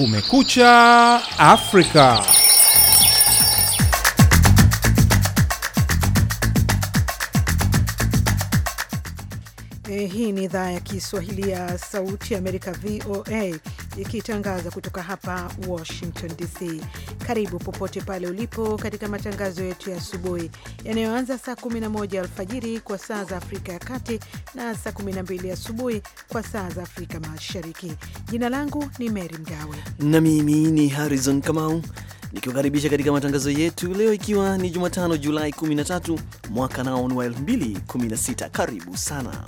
Kumekucha Afrika. Eh, hii ni idhaa ya Kiswahili ya Sauti ya Amerika, VOA ikitangaza kutoka hapa Washington DC. Karibu popote pale ulipo katika matangazo yetu ya asubuhi yanayoanza saa 11 alfajiri kwa saa za Afrika ya Kati na saa 12 asubuhi kwa saa za Afrika Mashariki. Jina langu ni Mary Mgawe na mimi ni Harrison Kamau nikiwakaribisha katika matangazo yetu leo, ikiwa ni Jumatano Julai 13 mwaka nao wa 2016. Karibu sana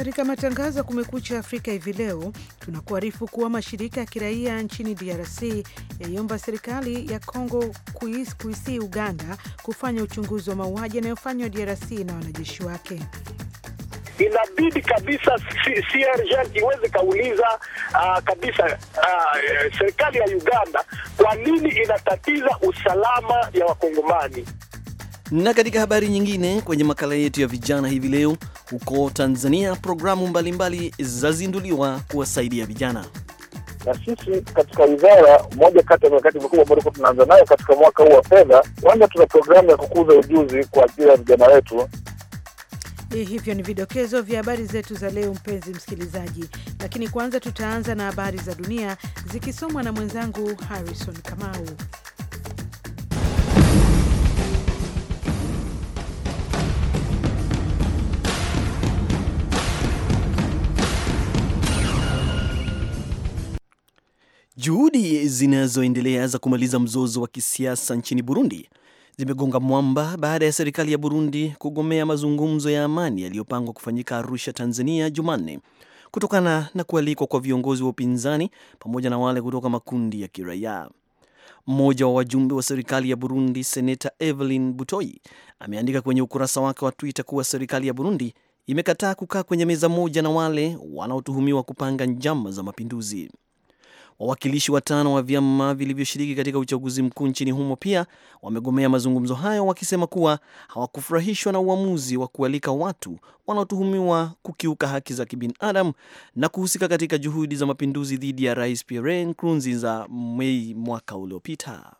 Katika matangazo ya Kumekucha Afrika hivi leo, tunakuarifu kuwa mashirika ya kiraia nchini DRC yaiomba serikali ya congo kuisi, kuisi Uganda kufanya uchunguzi wa mauaji yanayofanywa DRC na wanajeshi wake. Inabidi kabisa CRG iweze kauliza uh, kabisa uh, serikali ya Uganda kwa nini inatatiza usalama ya Wakongomani. Na katika habari nyingine kwenye makala yetu ya vijana hivi leo huko Tanzania programu mbalimbali zazinduliwa kuwasaidia vijana na sisi katika wizara moja kati ya mikakati mikubwa ambayo tulikuwa tunaanza nayo katika mwaka huu wa fedha, kwanza tuna programu ya kukuza ujuzi kwa ajili ya vijana wetu. Eh, hivyo ni vidokezo vya habari zetu za leo, mpenzi msikilizaji, lakini kwanza tutaanza na habari za dunia zikisomwa na mwenzangu Harrison Kamau. Juhudi zinazoendelea za kumaliza mzozo wa kisiasa nchini Burundi zimegonga mwamba baada ya serikali ya Burundi kugomea mazungumzo ya amani yaliyopangwa kufanyika Arusha, Tanzania, Jumanne kutokana na kualikwa kwa viongozi wa upinzani pamoja na wale kutoka makundi ya kiraia. Mmoja wa wajumbe wa serikali ya Burundi, Seneta Evelyn Butoi, ameandika kwenye ukurasa wake wa Twitter kuwa serikali ya Burundi imekataa kukaa kwenye meza moja na wale wanaotuhumiwa kupanga njama za mapinduzi. Wawakilishi watano wa vyama vilivyoshiriki katika uchaguzi mkuu nchini humo pia wamegomea mazungumzo hayo, wakisema kuwa hawakufurahishwa na uamuzi wa kualika watu wanaotuhumiwa kukiuka haki za kibinadamu na kuhusika katika juhudi za mapinduzi dhidi ya Rais Pierre Nkurunziza Mei mwaka uliopita.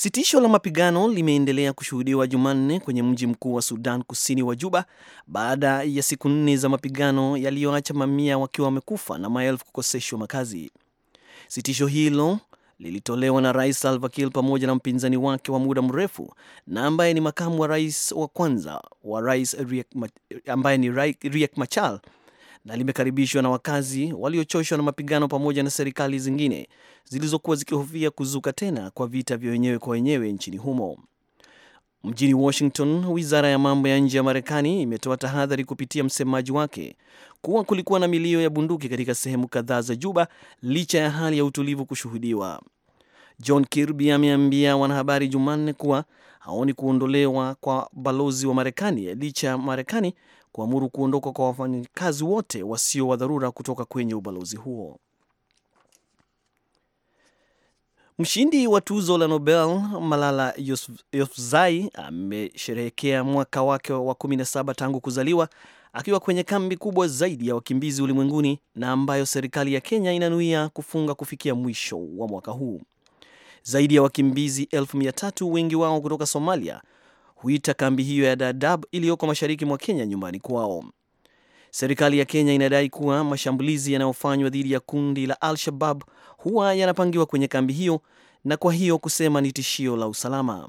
Sitisho la mapigano limeendelea kushuhudiwa Jumanne kwenye mji mkuu wa Sudan Kusini wa Juba baada ya siku nne za mapigano yaliyoacha mamia wakiwa wamekufa na maelfu kukoseshwa makazi. Sitisho hilo lilitolewa na Rais Salva Kiir pamoja na mpinzani wake wa muda mrefu na ambaye ni makamu wa rais wa kwanza wa rais Riek, ambaye ni Riek Machar na limekaribishwa na wakazi waliochoshwa na mapigano pamoja na serikali zingine zilizokuwa zikihofia kuzuka tena kwa vita vya wenyewe kwa wenyewe nchini humo. Mjini Washington, wizara ya mambo ya nje ya Marekani imetoa tahadhari kupitia msemaji wake kuwa kulikuwa na milio ya bunduki katika sehemu kadhaa za Juba licha ya hali ya utulivu kushuhudiwa. John Kirby ameambia wanahabari Jumanne kuwa haoni kuondolewa kwa balozi wa Marekani licha ya Marekani kuamuru kuondoka kwa wafanyakazi wote wasio wa dharura kutoka kwenye ubalozi huo. Mshindi wa tuzo la Nobel Malala Yousafzai amesherehekea mwaka wake wa 17 tangu kuzaliwa akiwa kwenye kambi kubwa zaidi ya wakimbizi ulimwenguni na ambayo serikali ya Kenya inanuia kufunga kufikia mwisho wa mwaka huu. Zaidi ya wakimbizi elfu mia tatu wengi wao kutoka Somalia huita kambi hiyo ya Dadaab iliyoko mashariki mwa Kenya nyumbani kwao. Serikali ya Kenya inadai kuwa mashambulizi yanayofanywa dhidi ya kundi la Al-Shabab huwa yanapangiwa kwenye kambi hiyo na kwa hiyo kusema ni tishio la usalama.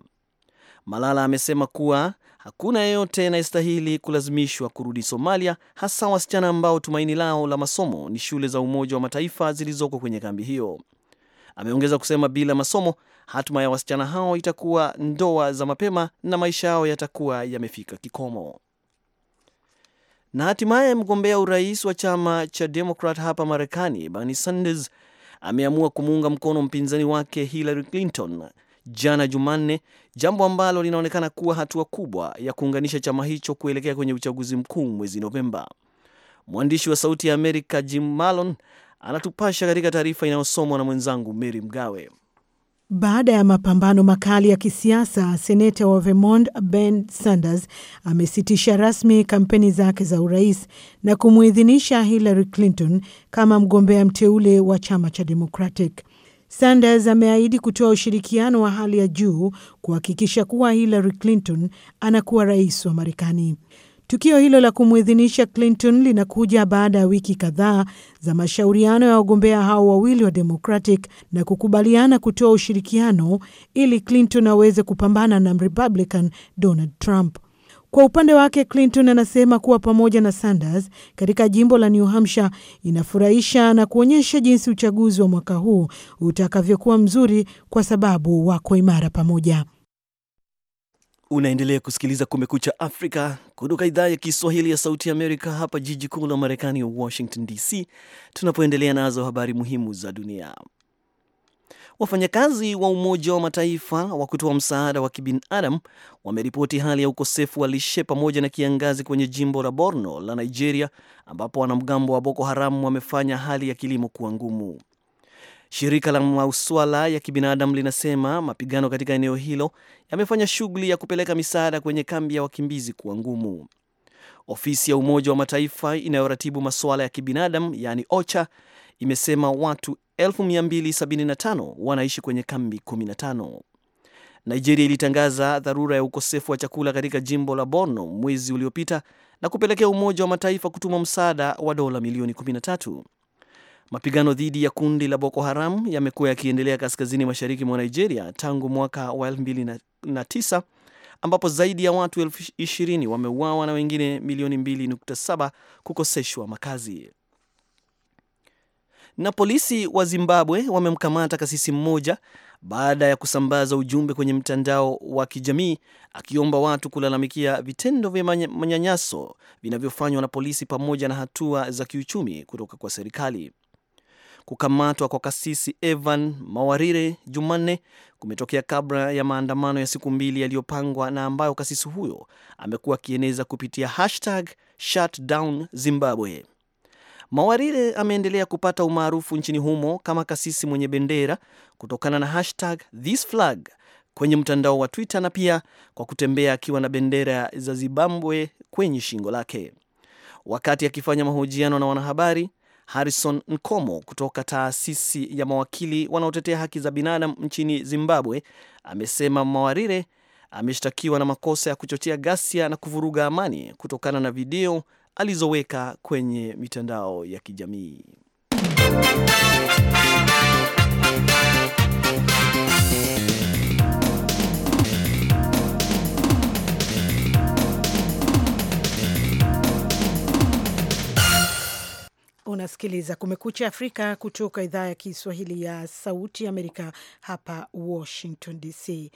Malala amesema kuwa hakuna yeyote anayestahili kulazimishwa kurudi Somalia, hasa wasichana ambao tumaini lao la masomo ni shule za Umoja wa Mataifa zilizoko kwenye kambi hiyo. Ameongeza kusema bila masomo hatima ya wasichana hao itakuwa ndoa za mapema na maisha yao yatakuwa yamefika kikomo. Na hatimaye mgombea urais wa chama cha Demokrat hapa Marekani, Bernie Sanders ameamua kumuunga mkono mpinzani wake Hillary Clinton jana Jumanne, jambo ambalo linaonekana kuwa hatua kubwa ya kuunganisha chama hicho kuelekea kwenye uchaguzi mkuu mwezi Novemba. Mwandishi wa Sauti ya Amerika Jim Malone anatupasha katika taarifa inayosomwa na mwenzangu Mary Mgawe. Baada ya mapambano makali ya kisiasa, seneta wa Vermont Ben Sanders amesitisha rasmi kampeni zake za urais na kumwidhinisha Hillary Clinton kama mgombea mteule wa chama cha Democratic. Sanders ameahidi kutoa ushirikiano wa hali ya juu kuhakikisha kuwa Hillary Clinton anakuwa rais wa Marekani. Tukio hilo la kumwidhinisha Clinton linakuja baada ya wiki kadhaa za mashauriano ya wagombea hao wawili wa Democratic na kukubaliana kutoa ushirikiano ili Clinton aweze kupambana na Republican Donald Trump. Kwa upande wake Clinton anasema kuwa pamoja na Sanders katika jimbo la New Hampshire inafurahisha na kuonyesha jinsi uchaguzi wa mwaka huu utakavyokuwa mzuri kwa sababu wako imara pamoja. Unaendelea kusikiliza Kumekucha Afrika kutoka idhaa ya Kiswahili ya Sauti ya Amerika, hapa jiji kuu la Marekani, Washington DC, tunapoendelea nazo habari muhimu za dunia. Wafanyakazi wa Umoja wa Mataifa wa kutoa msaada wa kibinadamu wameripoti hali ya ukosefu wa lishe pamoja na kiangazi kwenye jimbo la Borno la Nigeria, ambapo wanamgambo wa Boko Haram wamefanya hali ya kilimo kuwa ngumu. Shirika la mauswala ya kibinadamu linasema mapigano katika eneo hilo yamefanya shughuli ya kupeleka misaada kwenye kambi ya wakimbizi kuwa ngumu. Ofisi ya Umoja wa Mataifa inayoratibu masuala ya kibinadamu yaani OCHA imesema watu 275 wanaishi kwenye kambi 15. Nigeria ilitangaza dharura ya ukosefu wa chakula katika jimbo la Borno mwezi uliopita na kupelekea Umoja wa Mataifa kutuma msaada wa dola milioni 13 Mapigano dhidi ya kundi la Boko Haram yamekuwa yakiendelea kaskazini mashariki mwa Nigeria tangu mwaka wa 2009 ambapo zaidi ya watu elfu ishirini wameuawa na wengine milioni 2.7 kukoseshwa makazi. Na polisi wa Zimbabwe wamemkamata kasisi mmoja baada ya kusambaza ujumbe kwenye mtandao wa kijamii akiomba watu kulalamikia vitendo vya manyanyaso vinavyofanywa na polisi pamoja na hatua za kiuchumi kutoka kwa serikali. Kukamatwa kwa kasisi Evan Mawarire Jumanne kumetokea kabla ya maandamano ya siku mbili yaliyopangwa na ambayo kasisi huyo amekuwa akieneza kupitia hashtag shutdown Zimbabwe. Mawarire ameendelea kupata umaarufu nchini humo kama kasisi mwenye bendera kutokana na hashtag this flag kwenye mtandao wa Twitter na pia kwa kutembea akiwa na bendera za Zimbabwe kwenye shingo lake. Wakati akifanya mahojiano na wanahabari, Harrison Nkomo kutoka taasisi ya mawakili wanaotetea haki za binadamu nchini Zimbabwe amesema Mawarire ameshtakiwa na makosa ya kuchochea ghasia na kuvuruga amani kutokana na video alizoweka kwenye mitandao ya kijamii. Unasikiliza Kumekucha Afrika kutoka idhaa ya Kiswahili ya Sauti Amerika hapa Washington DC.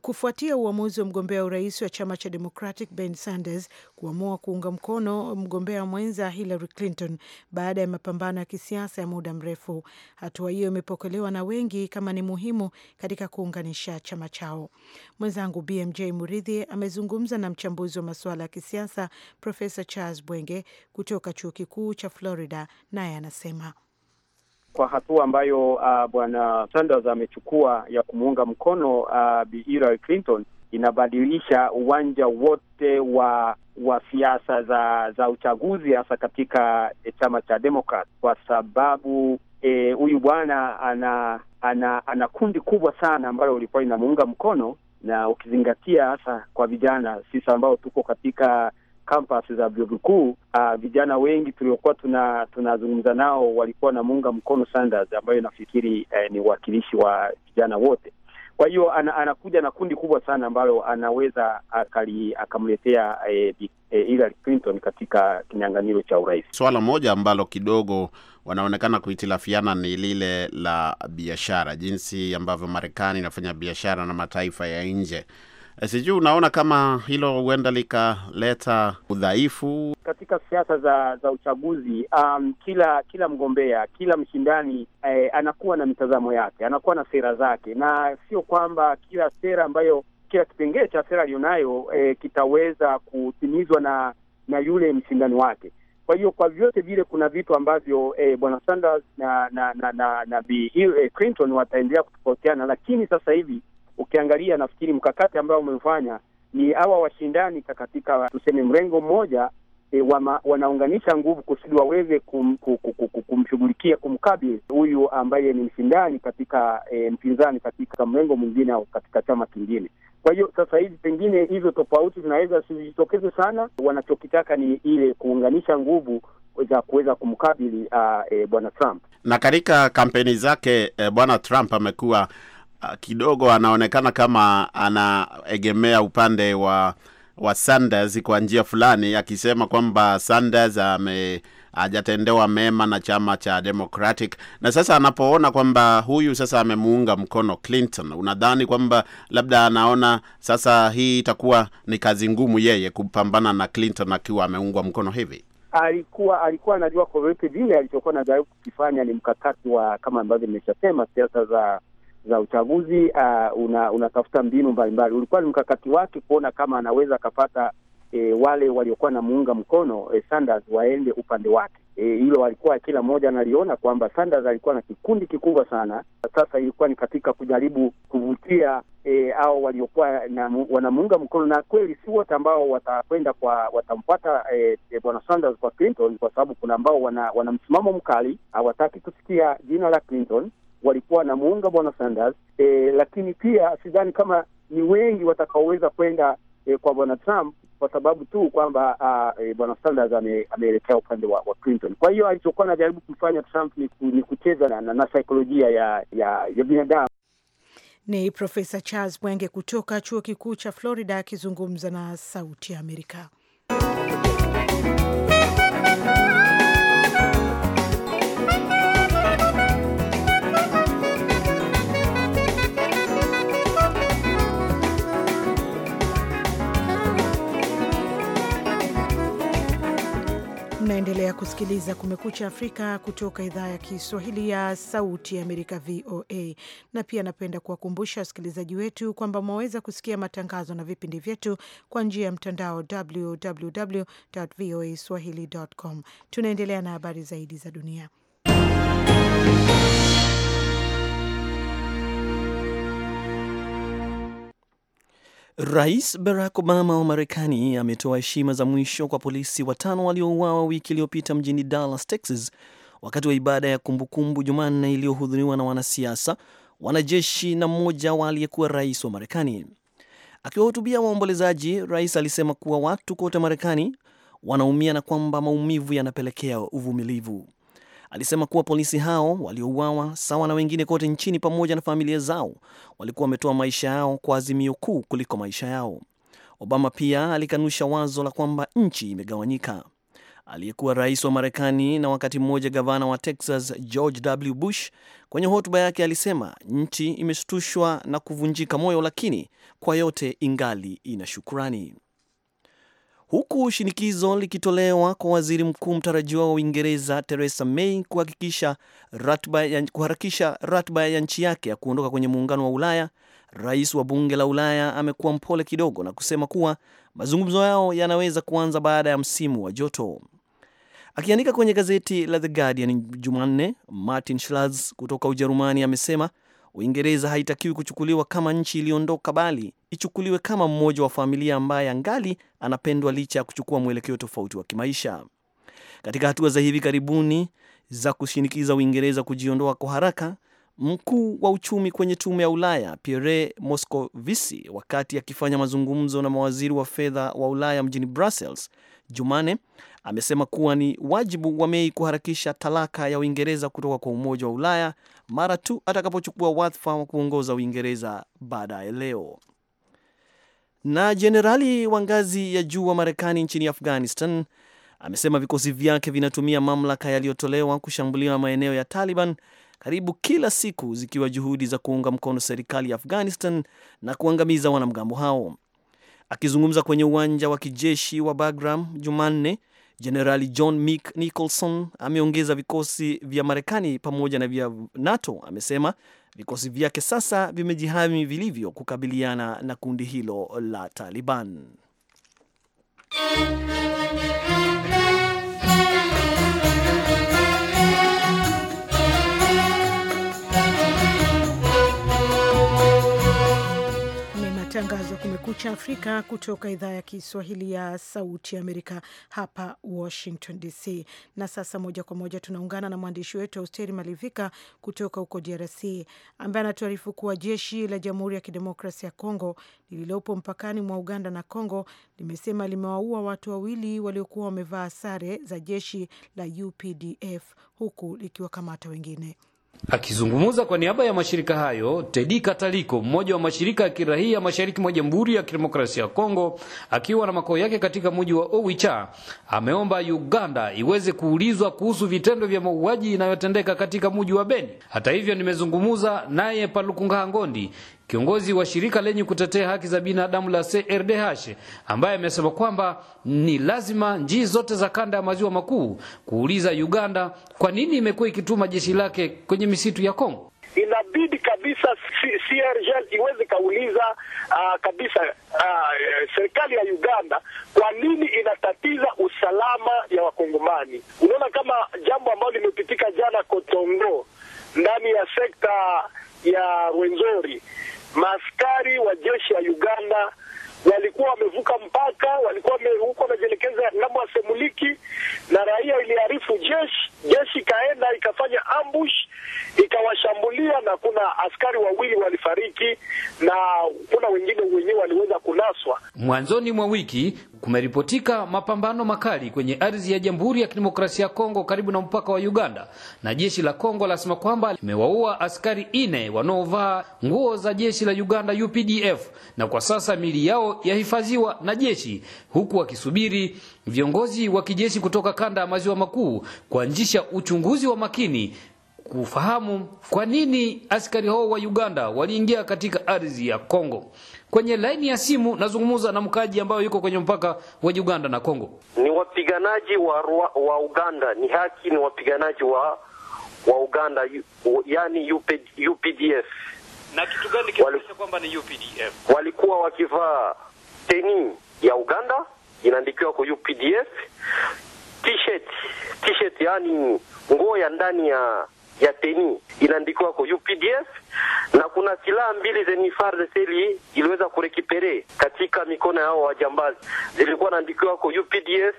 Kufuatia uamuzi wa mgombea urais wa chama cha Democratic Ben Sanders kuamua kuunga mkono mgombea mwenza Hillary Clinton baada ya mapambano ya kisiasa ya muda mrefu, hatua hiyo imepokelewa na wengi kama ni muhimu katika kuunganisha chama chao. Mwenzangu BMJ Muridhi amezungumza na mchambuzi wa masuala ya kisiasa Profesa Charles Bwenge kutoka chuo kikuu cha Florida naye anasema kwa hatua ambayo uh, bwana Sanders amechukua ya kumuunga mkono uh, Bi Hillary Clinton inabadilisha uwanja wote wa wa siasa za za uchaguzi hasa katika e, chama cha Demokrat kwa sababu eh, huyu e, bwana ana, ana ana kundi kubwa sana ambayo ulikuwa inamuunga mkono, na ukizingatia hasa kwa vijana sisi ambao tuko katika kampasi za vyuo vikuu, ah, vijana wengi tuliokuwa tuna tunazungumza nao walikuwa wanamuunga mkono Sanders, ambayo nafikiri eh, ni uwakilishi wa vijana wote. Kwa hiyo ana, anakuja na kundi kubwa sana ambalo anaweza akali, akamletea eh, eh, Hillary Clinton katika kinyang'anyiro cha urais. Swala moja ambalo kidogo wanaonekana kuhitilafiana ni lile la biashara, jinsi ambavyo Marekani inafanya biashara na mataifa ya nje. Eh, sijui unaona kama hilo huenda likaleta udhaifu katika siasa za za uchaguzi. Um, kila kila mgombea, kila mshindani eh, anakuwa na mitazamo yake, anakuwa na sera zake, na sio kwamba kila sera ambayo kila kipengee cha sera aliyonayo eh, kitaweza kutimizwa na na yule mshindani wake. Kwa hiyo kwa vyote vile kuna vitu ambavyo eh, bwana Sanders na na na na, na Bi eh, Clinton wataendelea kutofautiana, lakini sasa hivi ukiangalia, nafikiri mkakati ambao umefanya ni hawa washindani katika tuseme mrengo mmoja E, eh, wama, wanaunganisha nguvu kusudi waweze kum, kum, kum, kumshughulikia kumkabili huyu ambaye ni mshindani katika e, mpinzani katika mrengo mwingine au katika chama kingine. Kwa hiyo sasa hivi pengine hizo tofauti zinaweza zisijitokeze sana. Wanachokitaka ni ile kuunganisha nguvu za kuweza kumkabili uh, e, bwana Trump. Na katika kampeni zake e, bwana Trump amekuwa Ah, kidogo anaonekana kama anaegemea upande wa wa Sanders kwa njia fulani, akisema kwamba Sanders ame hajatendewa mema na chama cha Democratic, na sasa anapoona kwamba huyu sasa amemuunga mkono Clinton, unadhani kwamba labda anaona sasa hii itakuwa ni kazi ngumu yeye kupambana na Clinton akiwa ameungwa mkono hivi? Alikuwa alikuwa anajua kwa vipi vile alichokuwa anajaribu kukifanya ni mkakati wa kama ambavyo nimeshasema, siasa za za uchaguzi uh, una, unatafuta mbinu mbalimbali. Ulikuwa ni mkakati wake kuona kama anaweza akapata e, wale waliokuwa na muunga mkono e, Sanders waende upande wake. Eh, hilo e, alikuwa kila mmoja analiona kwamba Sanders alikuwa na kikundi kikubwa sana. Sasa ilikuwa ni katika kujaribu kuvutia e, au waliokuwa wanamuunga mkono, na kweli si wote ambao watakwenda kwa watampata e, e, bwana Sanders kwa Clinton, kwa sababu kuna ambao wana, wana msimamo mkali, hawataki kusikia jina la Clinton walikuwa wanamuunga bwana Sanders e, lakini pia sidhani kama ni wengi watakaoweza kwenda e, kwa bwana Trump kwa sababu tu kwamba e, bwana Sanders ameelekea upande wa, wa Clinton. Kwa hiyo alichokuwa anajaribu kumfanya Trump ni, ni kucheza na, na, na saikolojia ya, ya, ya binadamu. Ni Profesa Charles Bwenge kutoka chuo kikuu cha Florida akizungumza na Sauti ya Amerika. Unaendelea kusikiliza Kumekucha Afrika kutoka idhaa ya Kiswahili ya Sauti ya Amerika, VOA. Na pia napenda kuwakumbusha wasikilizaji wetu kwamba mwaweza kusikia matangazo na vipindi vyetu kwa njia ya mtandao www voa swahili com. Tunaendelea na habari zaidi za dunia. Rais Barack Obama wa Marekani ametoa heshima za mwisho kwa polisi watano waliouawa wiki iliyopita mjini Dallas, Texas, wakati wa ibada ya kumbukumbu Jumanne iliyohudhuriwa na wanasiasa, wanajeshi na mmoja wa aliyekuwa rais wa Marekani. Akiwahutubia waombolezaji, rais alisema kuwa watu kote Marekani wanaumia na kwamba maumivu yanapelekea uvumilivu alisema kuwa polisi hao waliouawa sawa na wengine kote nchini pamoja na familia zao walikuwa wametoa maisha yao kwa azimio kuu kuliko maisha yao. Obama pia alikanusha wazo la kwamba nchi imegawanyika. Aliyekuwa rais wa Marekani na wakati mmoja gavana wa Texas George W. Bush kwenye hotuba yake alisema nchi imeshtushwa na kuvunjika moyo, lakini kwa yote ingali ina shukurani huku shinikizo likitolewa kwa waziri mkuu mtarajiwa wa Uingereza Theresa May kuharakisha ratba ya, kuharakisha ya nchi yake ya kuondoka kwenye muungano wa Ulaya. Rais wa bunge la Ulaya amekuwa mpole kidogo na kusema kuwa mazungumzo yao yanaweza kuanza baada ya msimu wa joto. Akiandika kwenye gazeti la The Guardian Jumanne, Martin Schulz kutoka Ujerumani amesema Uingereza haitakiwi kuchukuliwa kama nchi iliyoondoka, bali ichukuliwe kama mmoja wa familia ambaye angali anapendwa licha ya kuchukua mwelekeo tofauti wa kimaisha. Katika hatua za hivi karibuni za kushinikiza Uingereza kujiondoa kwa haraka, mkuu wa uchumi kwenye tume ya Ulaya Pierre Moscovici, wakati akifanya mazungumzo na mawaziri wa fedha wa Ulaya mjini Brussels, Jumane amesema kuwa ni wajibu wa Mei kuharakisha talaka ya Uingereza kutoka kwa Umoja wa Ulaya mara tu atakapochukua wadhifa wa kuongoza Uingereza baadaye leo. Na jenerali wa ngazi ya juu wa Marekani nchini Afghanistan amesema vikosi vyake vinatumia mamlaka yaliyotolewa kushambulia maeneo ya Taliban karibu kila siku, zikiwa juhudi za kuunga mkono serikali ya Afghanistan na kuangamiza wanamgambo hao. Akizungumza kwenye uwanja wa kijeshi wa Bagram Jumanne, Jenerali John Mick Nicholson ameongeza vikosi vya Marekani pamoja na vya NATO. Amesema vikosi vyake sasa vimejihami vilivyo kukabiliana na kundi hilo la Taliban. matangazo ya kumekucha Afrika kutoka idhaa ya Kiswahili ya Sauti Amerika hapa Washington DC. Na sasa moja kwa moja tunaungana na mwandishi wetu Austeri Malivika kutoka huko DRC ambaye anatuarifu kuwa jeshi la Jamhuri ya Kidemokrasia ya Kongo lililopo mpakani mwa Uganda na Kongo limesema limewaua watu wawili waliokuwa wamevaa sare za jeshi la UPDF huku likiwakamata wengine. Akizungumza kwa niaba ya mashirika hayo, Tedi Kataliko, mmoja wa mashirika ya kiraia mashariki mwa Jamhuri ya Kidemokrasia ya Kongo, akiwa na makao yake katika mji wa Owicha, ameomba Uganda iweze kuulizwa kuhusu vitendo vya mauaji inayotendeka katika mji wa Beni. Hata hivyo, nimezungumza naye Palukunga Ngondi, Kiongozi wa shirika lenye kutetea haki za binadamu la CRDH ambaye amesema kwamba ni lazima njii zote za kanda ya maziwa makuu kuuliza Uganda kwa nini imekuwa ikituma jeshi lake kwenye misitu ya Kongo. Inabidi kabisa CRGL iweze kauliza uh, kabisa uh, serikali ya Uganda kwa nini inatatiza usalama ya Wakongomani. Unaona kama jambo ambalo limepitika jana Kotongo ndani ya sekta ya Rwenzori maaskari wa jeshi ya Uganda walikuwa wamevuka mpaka, walikuwa huko wamejielekeza ngambo ya Semuliki na raia iliarifu jeshi. Jeshi ikaenda ikafanya ambush, ikawashambulia na kuna askari wawili walifariki na kuna wengine wenyewe waliweza kunaswa. Mwanzoni mwa wiki kumeripotika mapambano makali kwenye ardhi ya Jamhuri ya Kidemokrasia ya Kongo karibu na mpaka wa Uganda, na jeshi la Kongo lasema kwamba limewaua askari ine wanaovaa nguo za jeshi la Uganda UPDF, na kwa sasa mili yao yahifadhiwa na jeshi huku wakisubiri viongozi wa kijeshi nchi kutoka kanda ya maziwa makuu kuanzisha uchunguzi wa makini kufahamu kwa nini askari hao wa Uganda waliingia katika ardhi ya Kongo. Kwenye laini ya simu nazungumza na mkaji ambayo yuko kwenye mpaka wa Uganda na Kongo. Ni wapiganaji wa, wa Uganda, ni haki, ni wapiganaji wa wa Uganda, yani UP, UPDF. Na kitu gani kinaonyesha kwamba ni UPDF? Walikuwa wakivaa teni ya Uganda inaandikiwa kwa UPDF t-shirt t-shirt, yani nguo ya ndani ya ya teni inaandikwa kwa UPDF na kuna silaha mbili zenye FARDC iliweza kurekipere katika mikono yao wajambazi, zilikuwa naandikiwa kwa UPDF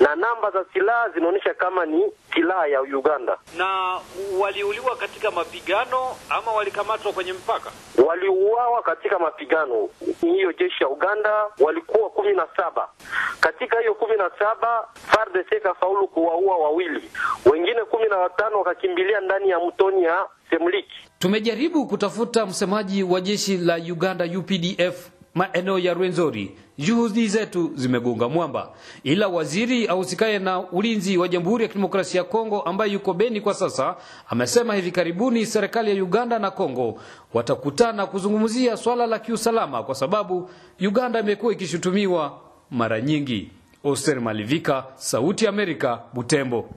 na namba za silaha zinaonyesha kama ni silaha ya Uganda. Na waliuliwa katika mapigano ama walikamatwa kwenye mpaka? Waliuawa katika mapigano. Hiyo jeshi ya Uganda walikuwa kumi na saba. Katika hiyo kumi na saba FARDC kafaulu kuwaua wawili, wengine kumi na watano wakakimbilia ndani ya mtoni ya kumiliki. Tumejaribu kutafuta msemaji wa jeshi la Uganda UPDF maeneo ya Rwenzori. Juhudi zetu zimegonga mwamba, ila waziri ahusikaye na ulinzi wa Jamhuri ya Kidemokrasia ya Kongo ambaye yuko Beni kwa sasa amesema hivi karibuni serikali ya Uganda na Kongo watakutana kuzungumzia swala la kiusalama, kwa sababu Uganda imekuwa ikishutumiwa mara nyingi. Oster Malivika, Sauti ya Amerika, Butembo.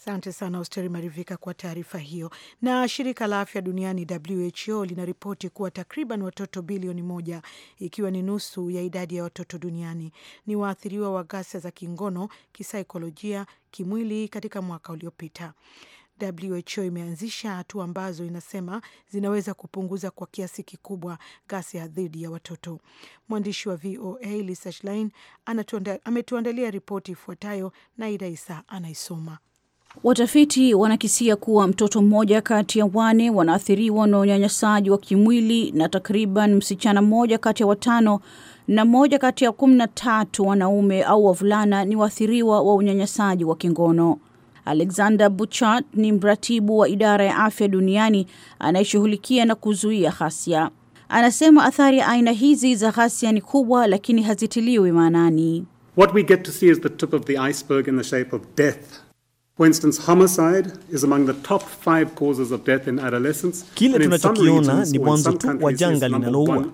Asante sana Hosteri Marivika kwa taarifa hiyo. Na shirika la afya duniani WHO linaripoti kuwa takriban watoto bilioni moja, ikiwa ni nusu ya idadi ya watoto duniani, ni waathiriwa wa ghasia za kingono, kisaikolojia, kimwili katika mwaka uliopita. WHO imeanzisha hatua ambazo inasema zinaweza kupunguza kwa kiasi kikubwa ghasia dhidi ya watoto. Mwandishi wa VOA Lisa Schlein ametuandalia ripoti ifuatayo na Ida Isa anaisoma. Watafiti wanakisia kuwa mtoto mmoja kati ya wane wanaathiriwa na unyanyasaji wa kimwili na takriban msichana mmoja kati ya watano na mmoja kati ya kumi na tatu wanaume au wavulana ni waathiriwa wa unyanyasaji wa kingono. Alexander Buchart ni mratibu wa idara ya afya duniani anayeshughulikia na kuzuia ghasia. Anasema athari ya aina hizi za ghasia ni kubwa, lakini hazitiliwi maanani. What we get to see is the tip of the iceberg in the shape of death For instance, homicide is among the top five causes of death in adolescence. Kile tunachokiona ni mwanzo tu wa janga linaloua.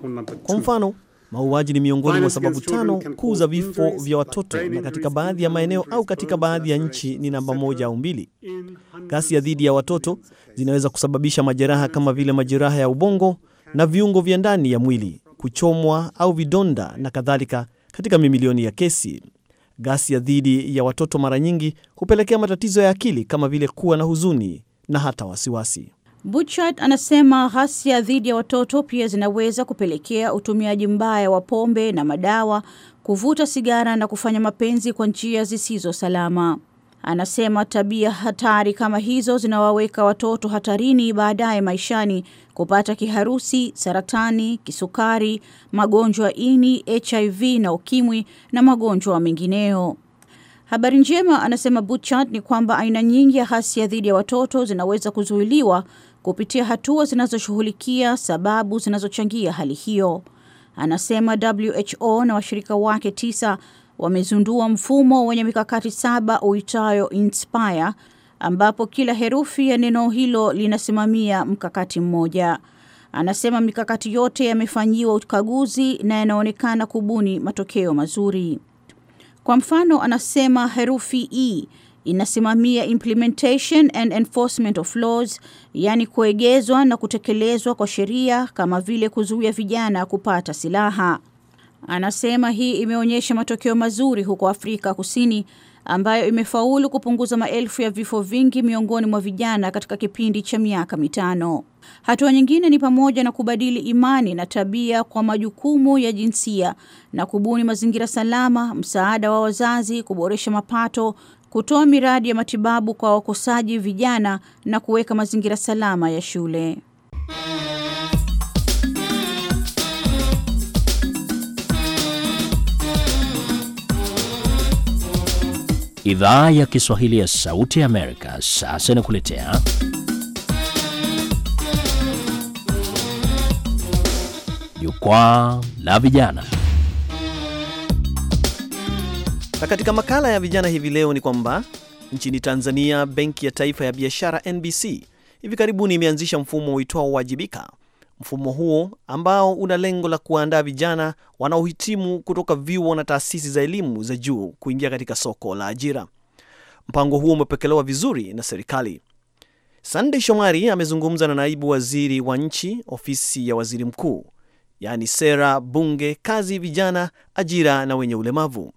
Kwa mfano, mauaji ni miongoni mwa sababu tano kuu za vifo vya watoto, na katika baadhi ya maeneo au katika baadhi ya nchi ni namba moja au mbili. Ghasia dhidi ya watoto zinaweza kusababisha majeraha kama vile majeraha ya ubongo na viungo vya ndani ya mwili, kuchomwa au vidonda na kadhalika, katika mamilioni ya kesi. Ghasia dhidi ya watoto mara nyingi hupelekea matatizo ya akili kama vile kuwa na huzuni na hata wasiwasi. Buchard anasema ghasia dhidi ya watoto pia zinaweza kupelekea utumiaji mbaya wa pombe na madawa, kuvuta sigara na kufanya mapenzi kwa njia zisizo salama. Anasema tabia hatari kama hizo zinawaweka watoto hatarini baadaye maishani kupata kiharusi, saratani, kisukari, magonjwa ini, HIV na ukimwi na magonjwa mengineyo. Habari njema, anasema Butchat, ni kwamba aina nyingi ya hasia dhidi ya watoto zinaweza kuzuiliwa kupitia hatua zinazoshughulikia sababu zinazochangia hali hiyo. Anasema WHO na washirika wake tisa wamezundua mfumo wenye mikakati saba uitayo Inspire ambapo kila herufi ya neno hilo linasimamia mkakati mmoja. Anasema mikakati yote yamefanyiwa ukaguzi na yanaonekana kubuni matokeo mazuri. Kwa mfano, anasema herufi E inasimamia implementation and enforcement of laws, yaani kuegezwa na kutekelezwa kwa sheria kama vile kuzuia vijana kupata silaha. Anasema hii imeonyesha matokeo mazuri huko Afrika Kusini ambayo imefaulu kupunguza maelfu ya vifo vingi miongoni mwa vijana katika kipindi cha miaka mitano. Hatua nyingine ni pamoja na kubadili imani na tabia kwa majukumu ya jinsia na kubuni mazingira salama, msaada wa wazazi, kuboresha mapato, kutoa miradi ya matibabu kwa wakosaji vijana na kuweka mazingira salama ya shule. Idhaa ya Kiswahili ya Sauti ya Amerika sasa inakuletea Jukwaa la Vijana. Na katika makala ya vijana hivi leo ni kwamba nchini Tanzania, Benki ya Taifa ya Biashara NBC hivi karibuni imeanzisha mfumo uitwao Wajibika Mfumo huo ambao una lengo la kuandaa vijana wanaohitimu kutoka vyuo na taasisi za elimu za juu kuingia katika soko la ajira. Mpango huo umepokelewa vizuri na serikali. Sandey Shomari amezungumza na naibu waziri wa nchi ofisi ya waziri mkuu, yaani sera, bunge, kazi, vijana, ajira na wenye ulemavu,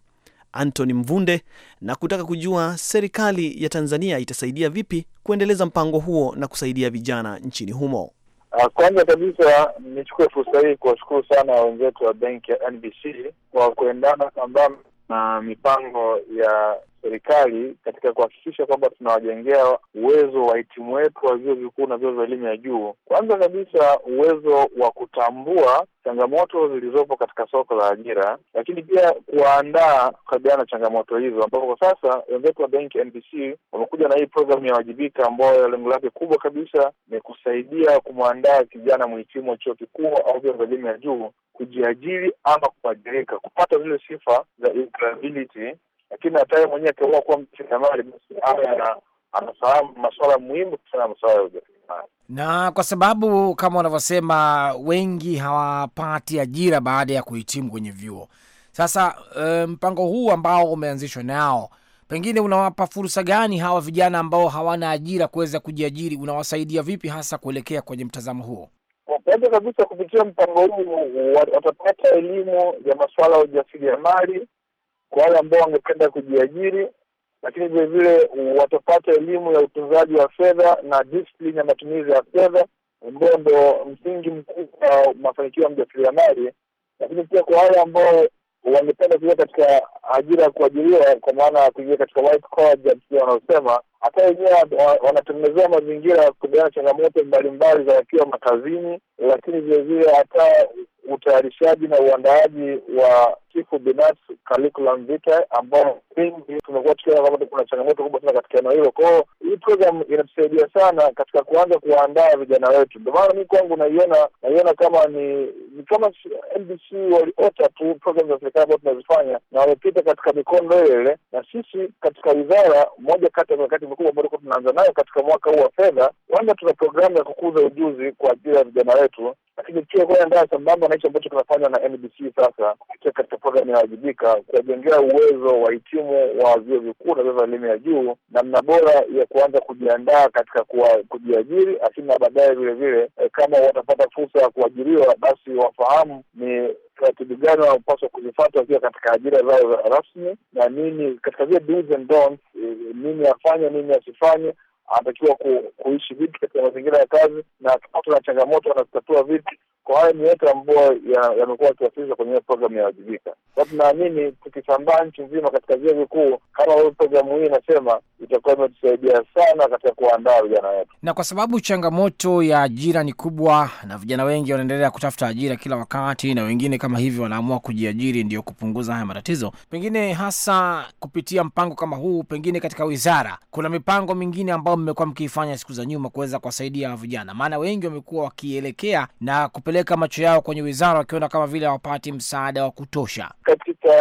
Anthony Mvunde, na kutaka kujua serikali ya Tanzania itasaidia vipi kuendeleza mpango huo na kusaidia vijana nchini humo. Ah, kwanza kabisa nichukue fursa hii kuwashukuru sana wenzetu wa benki ya NBC kwa kuendana sambamba na mipango ya serikali katika kuhakikisha kwamba tunawajengea uwezo wahitimu wetu wa vyuo vikuu na vyuo vya elimu ya juu, kwanza kabisa uwezo wa kutambua changamoto zilizopo katika soko la ajira, lakini pia kuwaandaa kukabiliana na changamoto hizo, ambapo kwa sasa wenzetu wa benki NBC wamekuja na hii programu ya Wajibika ambayo lengo lake kubwa kabisa ni kusaidia kumwandaa kijana mhitimu wa chuo kikuu au vyuo vya elimu ya juu kujiajiri ama kuajirika, kupata zile sifa za employability lakini hata yeye mwenyewe akiamua kuwa mjasiriamali, basi ana anafahamu masuala muhimu sana, masuala ya ujasiriamali. Na kwa sababu kama wanavyosema wengi hawapati ajira baada ya kuhitimu kwenye vyuo. Sasa eh, mpango um, huu ambao umeanzishwa nao pengine unawapa fursa gani hawa vijana ambao hawana ajira kuweza kujiajiri? Unawasaidia vipi hasa kuelekea kwenye mtazamo huo? kwanza kabisa, kupitia mpango huu watapata elimu ya masuala ya ujasiriamali kwa wale ambao wangependa kujiajiri, lakini vilevile watapata elimu ya utunzaji wa fedha na discipline ya matumizi ya fedha ambao ndo msingi mkuu wa mafanikio ya mjasiriamali. Lakini pia kwa wale ambao wangependa kuingia katika ajira ya kuajiriwa, kwa maana ya kuingia katika white collar jobs wanaosema, hata wenyewe wanatengenezewa mazingira ya kukabiliana changamoto mbalimbali za wakiwa makazini, lakini vilevile hata utayarishaji na uandaaji wa siku binafsi curriculum vitae, ambao vingi tumekuwa tukiona kwamba kuna changamoto kubwa sana katika eneo hilo. Kwao hii program inatusaidia sana katika kuanza kuwaandaa vijana wetu. Ndio maana mi kwangu naiona naiona kama ni ni kama MBC waliota tu program za serikali ambao tunazifanya na wamepita katika mikondo ile ile, na sisi katika wizara, moja kati ya mikakati mikubwa ambao tulikuwa tunaanza nayo katika mwaka huu wa fedha, kwanza tuna programu ya kukuza ujuzi kwa ajili ya vijana wetu, lakini pia kuandaa sambamba na hicho ambacho kinafanywa na NBC sasa kupitia katika programu inayowajibika kuwajengea uwezo wahitimu wa vyuo vikuu na vyuo vya elimu ya juu namna bora ya kuanza kujiandaa katika kujiajiri, lakini na baadaye vilevile e, eh, kama watapata fursa ya kuajiriwa, basi wafahamu ni taratibu gani wanapaswa kuzifata wakiwa katika ajira zao rasmi, na nini katika zile do's and don'ts, eh, nini afanye, nini asifanye anatakiwa ku, kuishi vipi katika mazingira ya kazi, na kama na changamoto anazitatua vipi, kwa hayo ni yetu ambayo yamekuwa yakiwasilishwa kwenye hiyo programu ya Wajibika. Kwa tunaamini tukisambaa nchi nzima katika vyuo vikuu kama hiyo programu hii inasema, itakuwa imetusaidia sana katika kuandaa vijana wetu, na kwa sababu changamoto ya ajira ni kubwa na vijana wengi wanaendelea kutafuta ajira kila wakati, na wengine kama hivyo wanaamua kujiajiri ndio kupunguza haya matatizo. Pengine hasa kupitia mpango kama huu, pengine katika wizara kuna mipango mingine ambayo mmekuwa mkiifanya siku za nyuma kuweza kuwasaidia vijana, maana wengi wamekuwa wakielekea na kup kupeleka macho yao kwenye wizara wakiona kama vile hawapati msaada wa kutosha katika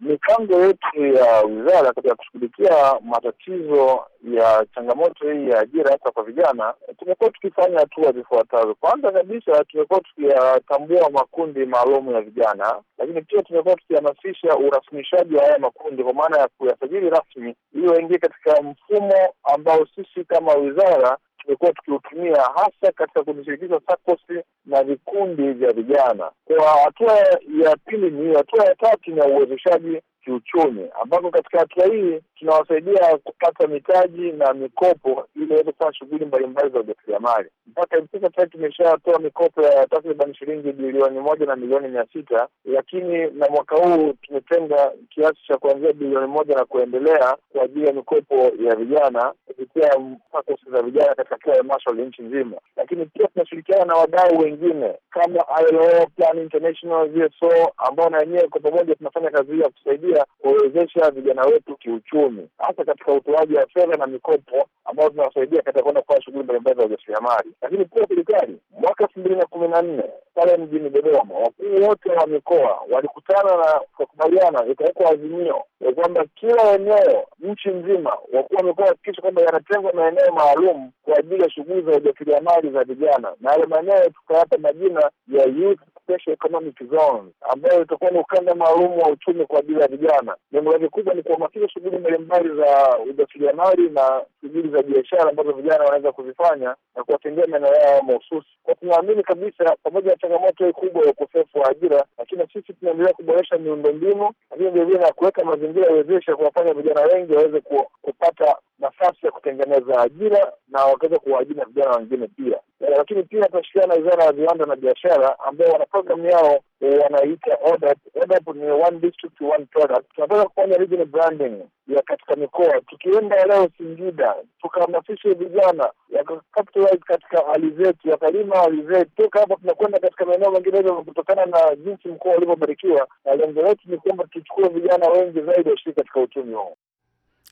mipango yetu ya wizara katika kushughulikia matatizo ya changamoto hii ya ajira hasa kwa vijana, tumekuwa tukifanya hatua zifuatazo. Kwanza kabisa, tumekuwa tukiyatambua makundi maalumu ya vijana, lakini pia tumekuwa tukihamasisha urasimishaji wa haya makundi, kwa maana ya kuyasajili rasmi ili waingie katika mfumo ambao sisi kama wizara tumekuwa tukiutumia hasa katika kuzishirikisha sakosi na vikundi vya vijana. Kwa hatua ya pili ni hiyo. Hatua ya tatu ni ya uwezeshaji kiuchumi, ambapo katika hatua hii tunawasaidia kupata mitaji na mikopo ili waweze kufanya shughuli mbalimbali za ujasiriamali. Mpaka hivi sasa tayari tumeshatoa mikopo ya takriban shilingi bilioni moja na milioni mia sita, lakini na mwaka huu tumetenga kiasi cha kuanzia bilioni moja na kuendelea kwa ajili ya mikopo ya vijana kupitia taasisi za vijana katika kila halmashauri nchi nzima. Lakini pia tunashirikiana na wadau wengine kama ILO, Plan International, VSO ambao na wenyewe kwa pamoja tunafanya kazi hii ya kusaidia pia kuwezesha vijana wetu kiuchumi, hasa katika utoaji wa fedha na mikopo ambao tunawasaidia katika kwenda kufanya shughuli mbalimbali za ujasiriamali. Lakini pia serikali mwaka elfu mbili na kumi na nne pale mjini Dodoma, wakuu wote wa mikoa walikutana na kukubaliana, ikawekwa azimio ya kwamba kila eneo nchi nzima, wakuu wa mikoa hakikisha kwamba yanatengwa maeneo maalum kwa ajili ya shughuli za ujasiriamali za vijana, na yale maeneo tukayapa majina ya youth special economic zones, ambayo itakuwa ni ukanda maalum wa uchumi kwa ajili ya vijana. Lengo lake kubwa ni kuhamasisha shughuli mbalimbali za ujasiriamali na shughuli za biashara ambazo vijana wanaweza kuzifanya na kuwatengea maeneo yao mahususi, kwa tunaamini kabisa pamoja changamoto hii kubwa ya ukosefu wa ajira, lakini sisi tunaendelea kuboresha miundombinu, lakini vilevile na kuweka mazingira yawezesha ya kuwafanya vijana wengi waweze kupata nafasi ya kutengeneza ajira na waweze kuwaajiri na vijana wengine pia. Eh, lakini pia tunashirikiana na wizara ya viwanda na biashara ambao wana programu yao eh, wanaita ODAP. ni one district one product. Tunataka kufanya regional branding ya katika mikoa, tukienda leo Singida tukahamasisha vijana wakacapitalize katika hali zetu, wakalima hali zetu, toka hapo tunakwenda katika maeneo mengine hivyo, kutokana na jinsi mkoa ulivyobarikiwa, na lengo letu ni kwamba tuchukue vijana wengi zaidi washiriki katika uchumi huo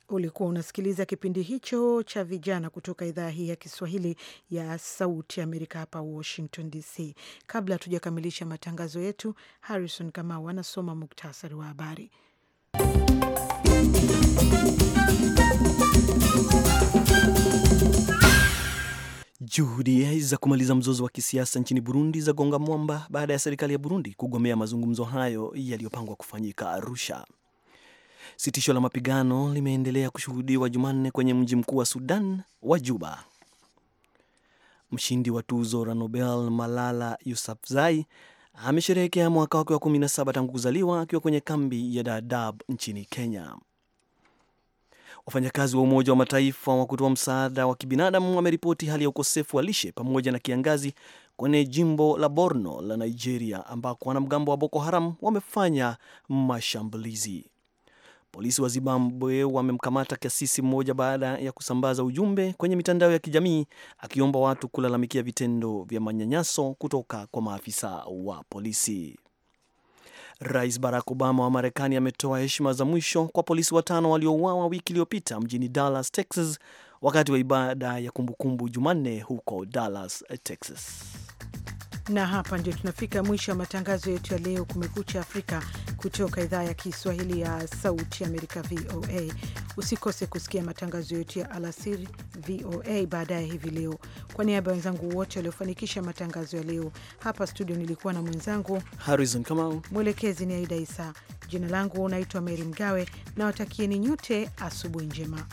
Ulikuwa unasikiliza kipindi hicho cha vijana kutoka idhaa hii ya Kiswahili ya Sauti Amerika hapa Washington DC. Kabla hatujakamilisha matangazo yetu, Harrison Kamau anasoma muktasari wa habari. Juhudi za kumaliza mzozo wa kisiasa nchini Burundi za gonga mwamba baada ya serikali ya Burundi kugomea mazungumzo hayo yaliyopangwa kufanyika Arusha. Sitisho la mapigano limeendelea kushuhudiwa Jumanne kwenye mji mkuu wa Sudan wa Juba. Mshindi wa tuzo la Nobel Malala Yousafzai amesherehekea mwaka wake wa 17 tangu kuzaliwa akiwa kwenye kambi ya Dadaab nchini Kenya. Wafanyakazi wa Umoja wa Mataifa wa kutoa msaada wa kibinadamu wameripoti hali ya ukosefu wa lishe pamoja na kiangazi kwenye jimbo la Borno la Nigeria, ambako wanamgambo wa Boko Haram wamefanya mashambulizi. Polisi wa Zimbabwe wamemkamata kasisi mmoja baada ya kusambaza ujumbe kwenye mitandao ya kijamii akiomba watu kulalamikia vitendo vya manyanyaso kutoka kwa maafisa wa polisi. Rais Barack Obama wa Marekani ametoa heshima za mwisho kwa polisi watano waliouawa wiki iliyopita mjini Dallas, Texas wakati wa ibada ya kumbukumbu Jumanne huko Dallas, Texas. Na hapa ndio tunafika mwisho wa matangazo yetu ya leo, Kumekucha Afrika, kutoka idhaa ya Kiswahili ya Sauti Amerika, VOA. Usikose kusikia matangazo yetu ya alasiri VOA baadaye hivi leo. Kwa niaba ya wenzangu wote waliofanikisha matangazo ya leo, hapa studio nilikuwa na mwenzangu Harrison Kamau, mwelekezi ni Aida Isa. Jina langu unaitwa Meri Mgawe, na watakieni nyote asubuhi njema.